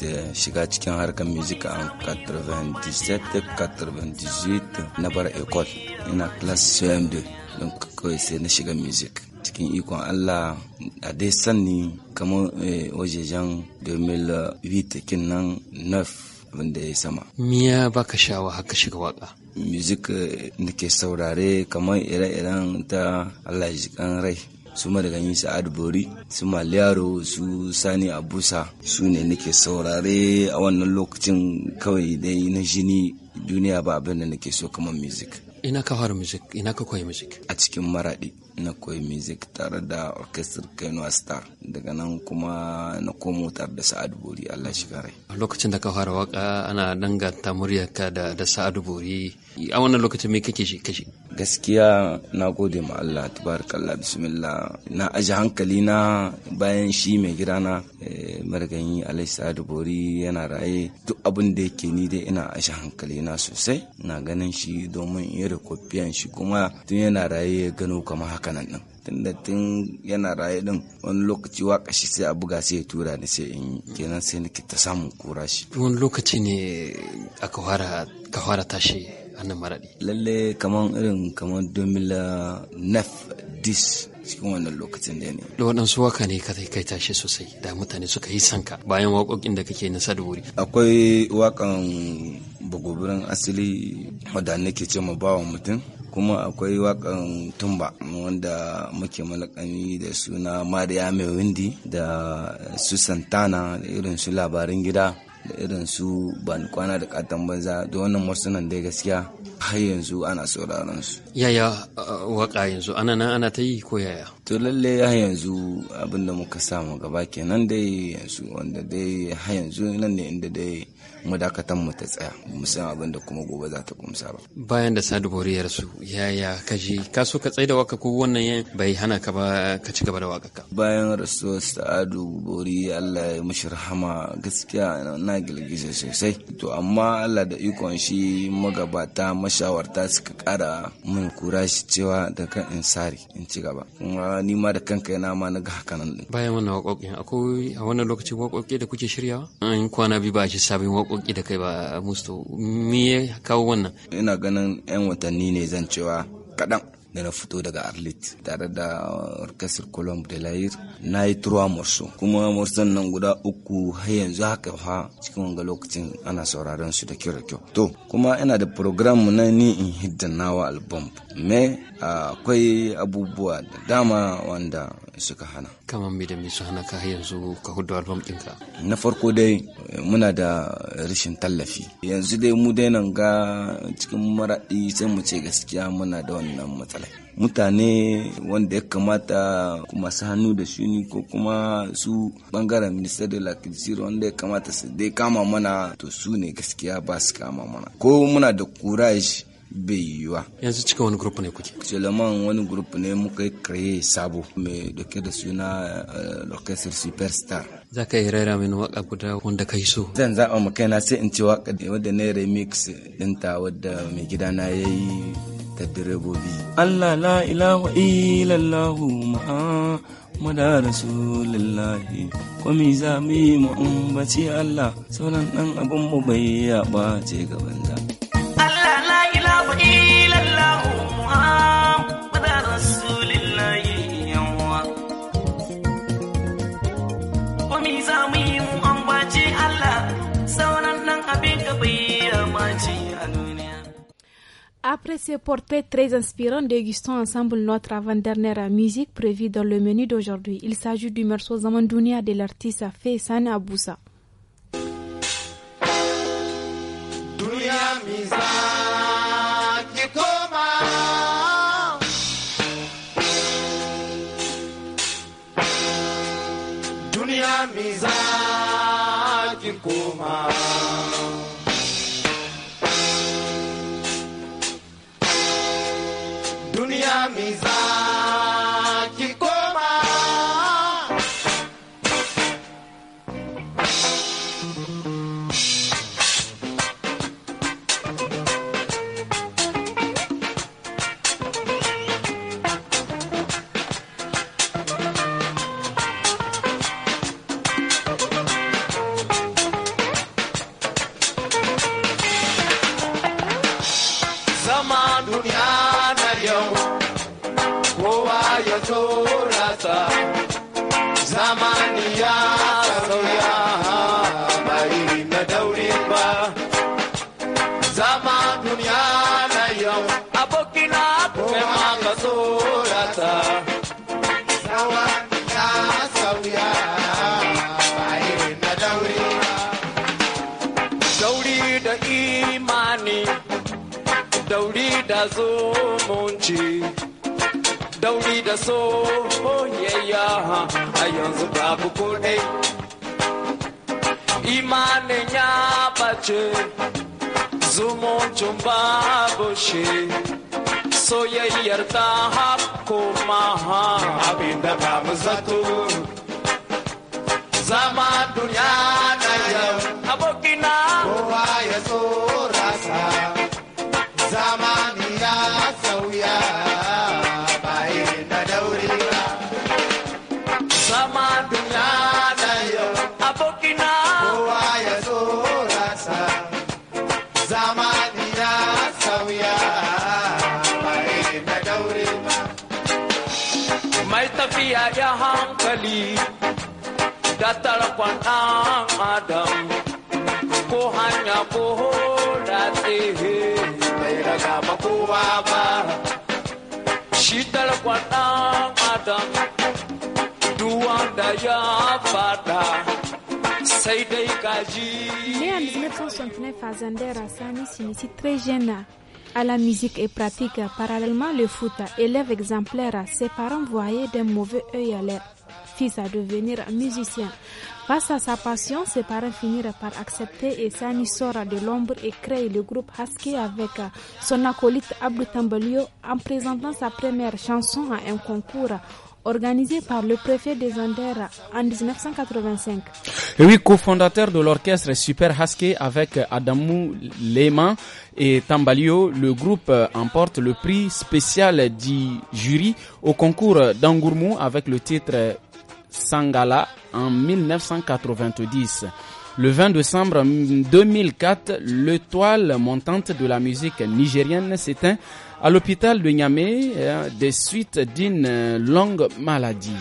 da shiga cikin harkar music a 97-98 na bar ecole ina class cm2 don kawai sai na shiga music cikin ikon allah a dai sanni kamar eh, wajejen 2008 kin nan 9 wanda ya sama. Miya baka shawa haka shiga waka? Music eh, nake saurare kamar ire-iren ta Allah jikan rai su madagani sa'ad bori su maliyaro su sani abusa su ne nake saurare a wannan lokacin kawai dai na jini duniya ba abin da nake so kamar music ina ka fara music ina ka koyi music a cikin maradi na koyi music tare da orchestra Kano Star daga nan kuma na komo tare da Sa'adu Bori Allah shi kare. lokacin da ka fara waka ana danganta muryarka da da Sa'adu Bori a wannan lokacin me kake shi kashi? Gaskiya na gode ma Allah tabarakallah bismillah na aji hankali na bayan shi mai na. Eh, marigayi alai sa'ad Bori yana raye duk abin da yake ni dai ina aji hankali na sosai na ganin shi domin in yi shi kuma tun yana raye ya gano kamar haka kanan din tunda tun yana raye din wani lokaci waka shi sai a buga sai ya tura ni sai in kenan sai nake ta samun kura shi wani lokaci ne aka fara ka fara tashi annan maradi lalle kaman irin kaman 2009 dis cikin wannan lokacin da ne. Da waɗansu waka ne ka kai tashi sosai da mutane suka yi sanka bayan waƙoƙin da kake na sadwuri. Akwai wakan bugubirin asali wadda nake ce ma bawa mutum kuma akwai wakan tumba wanda muke malakami da suna mariya mai windi da su santana da irin su labarin gida da irin su ban kwana da katon banza da wannan masunan dai gaskiya har yanzu ana sauraron su yaya uh, waka yanzu ana nan ana ta yi ko yaya to lalle ya yanzu abinda muka samu gaba kenan dai yanzu wanda dai har yanzu nan ne inda dai madakatan mu ta tsaya mu san abin da kuma gobe za ta kumsa ba bayan da sadu bori ya rasu yaya ka je ka so ka tsaida waka ko wannan bai hana ka ba ka ci gaba da waka ka bayan rasuwar sa'adu bori Allah ya mishi rahama gaskiya na gilgisa sosai to amma Allah da ikon shi magabata mashawarta suka kara min kura shi cewa da kan in sari in ci gaba ni ma da kanka yana ma na ga hakanan bayan wannan waƙoƙi akwai a wannan lokacin waƙoƙi da kuke shiryawa an kwana biyu ba shi sabin waƙoƙi waƙoƙi da kai ba musto me ya kawo wannan ina ganin yan watanni ne zan cewa kaɗan da na fito daga arlit tare da orkestar colombe de lair na yi turwa morso kuma morson nan guda uku har yanzu haka fa cikin wanga lokacin ana sauraron su da kyau da kyau to kuma ina da program na ni in hidda nawa album me akwai abubuwa da dama wanda suka hana kamar me da me su hana ka yanzu ka hudu album ɗinka na farko dai muna da rashin tallafi yanzu dai mu dai nan ga cikin maraɗi sai mu ce gaskiya muna da wannan matsala mutane wanda ya kamata masu hannu da ne ko kuma su bangaren minister de la culture wanda ya kamata su dai kama mana to su ne gaskiya ba su kama mana ko muna da courage bai yiwuwa yanzu cika wani gurupu ne kuke seleman wani gurupu ne muka yi sabo mai dauke da suna eh, super superstar za ka yi raira mini waka guda wanda ka yi so zan zaɓa ma kaina sai in ce waka wadda na remix ɗinta wadda mai gida na ya yi ta direbobi allah la ilaha illallahu Muhammadu Rasulullahi komi za mu yi mu Allah sauran ɗan abin mu bai ya ɓace gaban za. Après ce portrait très inspirant, dégustons ensemble notre avant-dernière musique prévue dans le menu d'aujourd'hui. Il s'agit du morceau Zamandounia de l'artiste Faisan Aboussa. Kumar. saha ko maha abinda ba mu zato ko ba kaji né en 1969 à Zander Sani très jeune à la musique et pratique parallèlement le foot. Élève exemplaire, ses parents voyaient d'un mauvais œil à l'air fils à devenir musicien. Face à sa passion, ses parents finirent par accepter et Sani sort de l'ombre et crée le groupe Haske avec son acolyte Abdou Tambalio en présentant sa première chanson à un concours organisé par le préfet des Anders en 1985. Et oui, cofondateur de l'orchestre Super Haske avec Adamou Lehman et Tambalio, le groupe emporte le prix spécial du jury au concours d'Angourmou avec le titre Sangala en 1990. Le 20 décembre 2004, l'étoile montante de la musique nigérienne s'éteint à l'hôpital de Niamey euh, des suites d'une euh, longue maladie.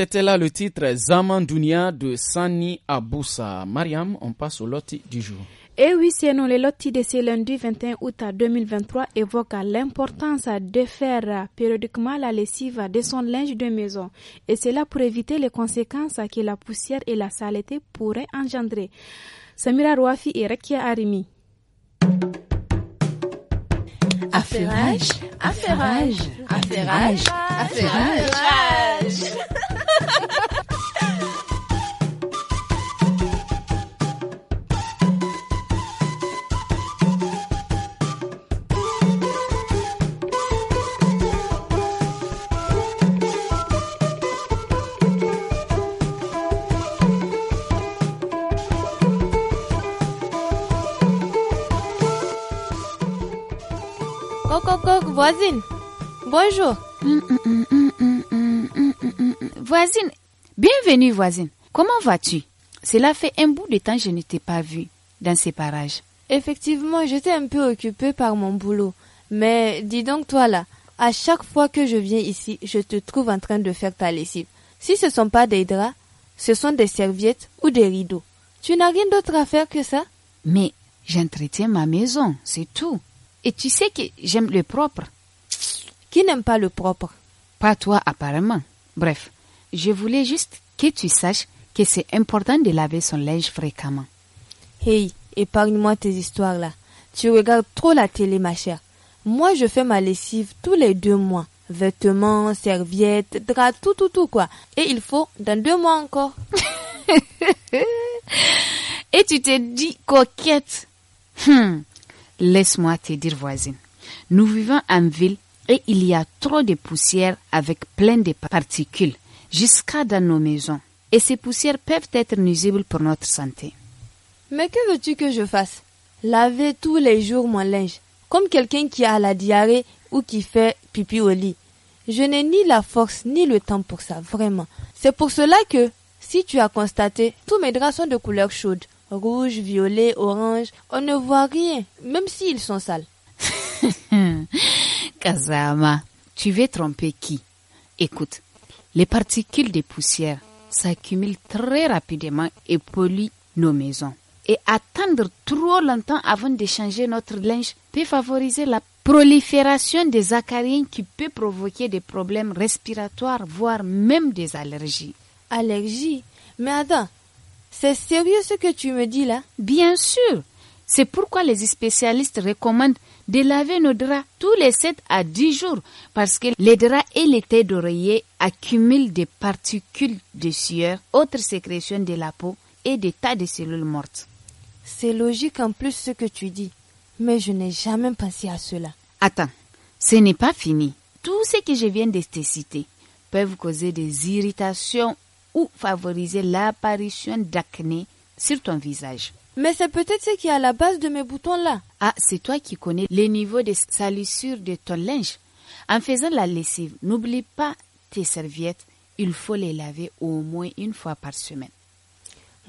C'était là le titre Dunia de Sani Aboussa. Mariam, on passe au loti du jour. Eh oui, c'est nous. le loti de ce lundi 21 août 2023 évoque l'importance de faire périodiquement la lessive de son linge de maison. Et cela pour éviter les conséquences que la poussière et la saleté pourraient engendrer. Samira Rouafi et Rekia Arimi. Affairage, affairage, affairage, Coucou, voisine. Bonjour. Hum, hum, hum, Voisine, bienvenue voisine. Comment vas-tu Cela fait un bout de temps que je ne t'ai pas vue dans ces parages. Effectivement, j'étais un peu occupée par mon boulot. Mais dis donc toi là, à chaque fois que je viens ici, je te trouve en train de faire ta lessive. Si ce ne sont pas des draps, ce sont des serviettes ou des rideaux. Tu n'as rien d'autre à faire que ça Mais j'entretiens ma maison, c'est tout. Et tu sais que j'aime le propre. Qui n'aime pas le propre Pas toi apparemment. Bref, je voulais juste que tu saches que c'est important de laver son linge fréquemment. Hey, épargne-moi tes histoires là. Tu regardes trop la télé, ma chère. Moi, je fais ma lessive tous les deux mois. Vêtements, serviettes, draps, tout, tout, tout quoi. Et il faut dans deux mois encore. <laughs> Et tu t'es dit coquette. Hum, laisse-moi te dire, voisine. Nous vivons en ville et il y a trop de poussière avec plein de particules jusqu'à dans nos maisons. Et ces poussières peuvent être nuisibles pour notre santé. Mais que veux-tu que je fasse Laver tous les jours mon linge, comme quelqu'un qui a la diarrhée ou qui fait pipi au lit. Je n'ai ni la force ni le temps pour ça, vraiment. C'est pour cela que, si tu as constaté, tous mes draps sont de couleur chaude. Rouge, violet, orange, on ne voit rien, même s'ils sont sales. <laughs> Kazama, tu veux tromper qui Écoute, les particules de poussière s'accumulent très rapidement et polluent nos maisons. Et attendre trop longtemps avant d'échanger notre linge peut favoriser la prolifération des acariens qui peut provoquer des problèmes respiratoires, voire même des allergies. Allergies Mais attends, c'est sérieux ce que tu me dis là Bien sûr. C'est pourquoi les spécialistes recommandent de laver nos draps tous les 7 à 10 jours parce que les draps et les têtes d'oreiller accumulent des particules de sueur, autres sécrétions de la peau et des tas de cellules mortes. C'est logique en plus ce que tu dis, mais je n'ai jamais pensé à cela. Attends, ce n'est pas fini. Tout ce que je viens de te citer peuvent causer des irritations ou favoriser l'apparition d'acné sur ton visage. Mais c'est peut-être ce qui est à la base de mes boutons là. Ah, c'est toi qui connais les niveaux de salissure de ton linge. En faisant la lessive, n'oublie pas tes serviettes. Il faut les laver au moins une fois par semaine.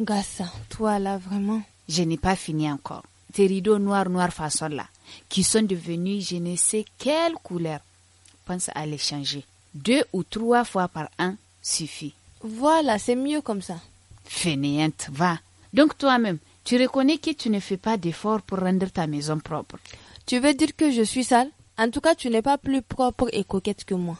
Gassa, toi là vraiment. Je n'ai pas fini encore. Tes rideaux noirs, noirs façon là, qui sont devenus je ne sais quelle couleur, pense à les changer. Deux ou trois fois par an suffit. Voilà, c'est mieux comme ça. Fainéante, va. Donc toi-même, tu reconnais que tu ne fais pas d'efforts pour rendre ta maison propre. Tu veux dire que je suis sale En tout cas, tu n'es pas plus propre et coquette que moi.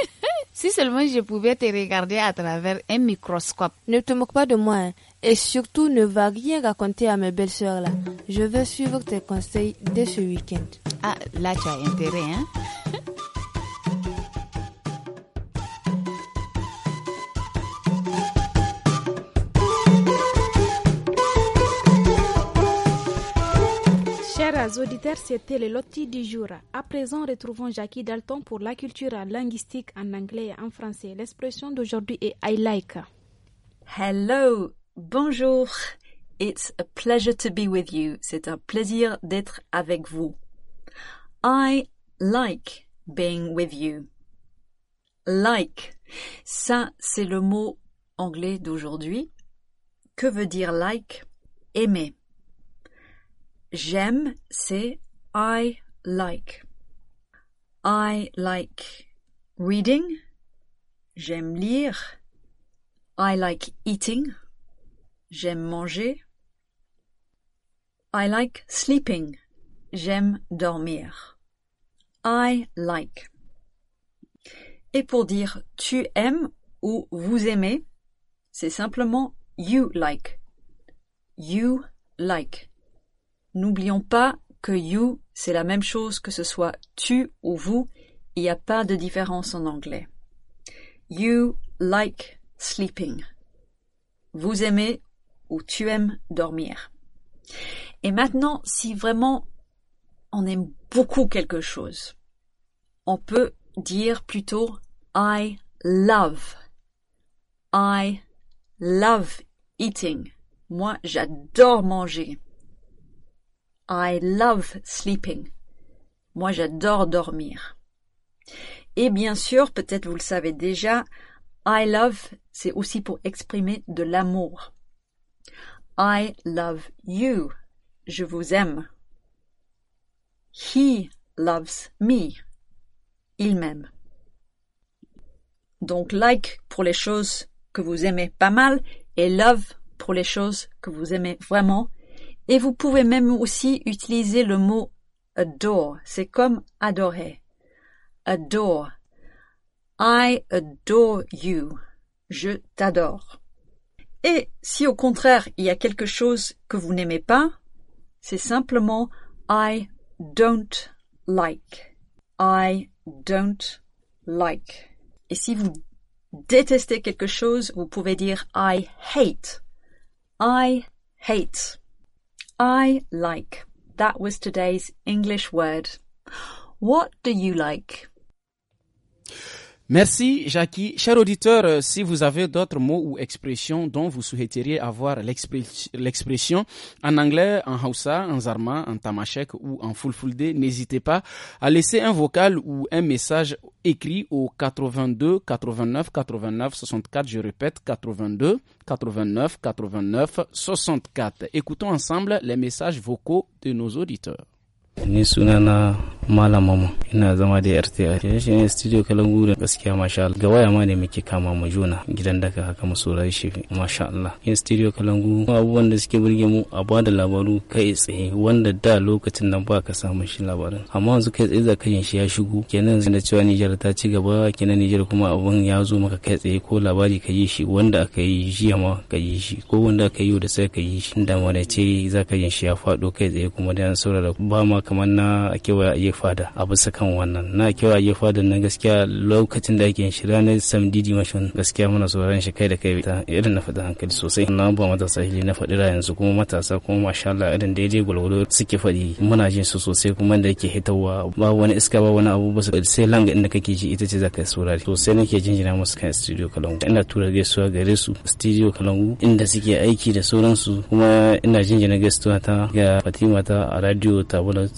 <laughs> si seulement je pouvais te regarder à travers un microscope. Ne te moque pas de moi. Hein. Et surtout, ne va rien raconter à mes belles-sœurs là. Je vais suivre tes conseils dès ce week-end. Ah, là, tu as intérêt, hein <laughs> auditeurs, c'était le loti du jour. À présent, retrouvons Jackie Dalton pour la culture linguistique en anglais et en français. L'expression d'aujourd'hui est I like. Hello, bonjour. It's a pleasure to be with you. C'est un plaisir d'être avec vous. I like being with you. Like. Ça, c'est le mot anglais d'aujourd'hui. Que veut dire like? Aimer. J'aime, c'est I like. I like reading. J'aime lire. I like eating. J'aime manger. I like sleeping. J'aime dormir. I like. Et pour dire tu aimes ou vous aimez, c'est simplement you like. You like. N'oublions pas que you, c'est la même chose que ce soit tu ou vous, il n'y a pas de différence en anglais. You like sleeping. Vous aimez ou tu aimes dormir. Et maintenant, si vraiment on aime beaucoup quelque chose, on peut dire plutôt I love. I love eating. Moi, j'adore manger. I love sleeping. Moi, j'adore dormir. Et bien sûr, peut-être vous le savez déjà, I love, c'est aussi pour exprimer de l'amour. I love you. Je vous aime. He loves me. Il m'aime. Donc like pour les choses que vous aimez pas mal et love pour les choses que vous aimez vraiment et vous pouvez même aussi utiliser le mot adore. C'est comme adorer. Adore. I adore you. Je t'adore. Et si au contraire il y a quelque chose que vous n'aimez pas, c'est simplement I don't like. I don't like. Et si vous détestez quelque chose, vous pouvez dire I hate. I hate. I like. That was today's English word. What do you like? Merci, Jackie. Chers auditeurs, euh, si vous avez d'autres mots ou expressions dont vous souhaiteriez avoir l'expression en anglais, en Hausa, en Zarma, en Tamashek ou en Fulfulde, n'hésitez pas à laisser un vocal ou un message écrit au 82 89 89 64. Je répète, 82 89 89 64. Écoutons ensemble les messages vocaux de nos auditeurs. Ni sunana Malam Mamu ina zama da RTA. Shi shi ne studio Kalangu da gaskiya masha Allah. Ga waya ma ne muke kama mu juna gidan daga haka mu saurare shi masha Allah. In studio Kalangu abubuwan da suke burge mu a ba da labaru kai tsaye wanda da lokacin nan ba ka samu shi labarin. Amma yanzu kai tsaye yin shi ya shigo kenan da cewa Nijar ta ci gaba kenan Nijar kuma abun ya zo maka kai tsaye ko labari ka yi shi wanda aka yi jiya ma ka yi shi ko wanda aka yi da sai ka yi shi da mara ce za ka yin shi ya faɗo kai tsaye kuma da saurara ba ma kamar na kewaye fada a bisa kan wannan na kewaye fada na gaskiya lokacin da ake shi ranar sam didi mashin gaskiya muna tsoron shi kai da kai ta irin na faɗi hankali sosai na ba matasa hili na faɗi yanzu kuma matasa kuma masha Allah irin daidai gwalgwalo suke faɗi muna jin su sosai kuma da yake hitawa ba wani iska ba wani abu ba sai langa inda kake ji ita ce za ka saurari sosai nake jinjina musu kan studio kalangu ina tura gaisuwa gare su studio kalangu inda suke aiki da sauransu kuma ina jinjina gaisuwa ta ga Fatima ta a radio Tabulat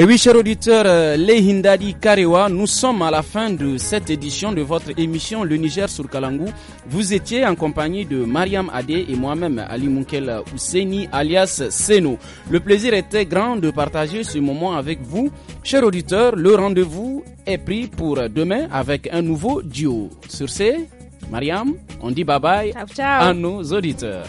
Et oui, chers auditeurs, euh, les Hindadi Karewa, nous sommes à la fin de cette édition de votre émission Le Niger sur Kalangou. Vous étiez en compagnie de Mariam Adé et moi-même, Ali Munkel Ousseni, alias Seno. Le plaisir était grand de partager ce moment avec vous. Chers auditeurs, le rendez-vous est pris pour demain avec un nouveau duo. Sur ce, Mariam, on dit bye bye à nos auditeurs.